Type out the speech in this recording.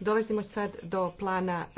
Dolazimo sad do plana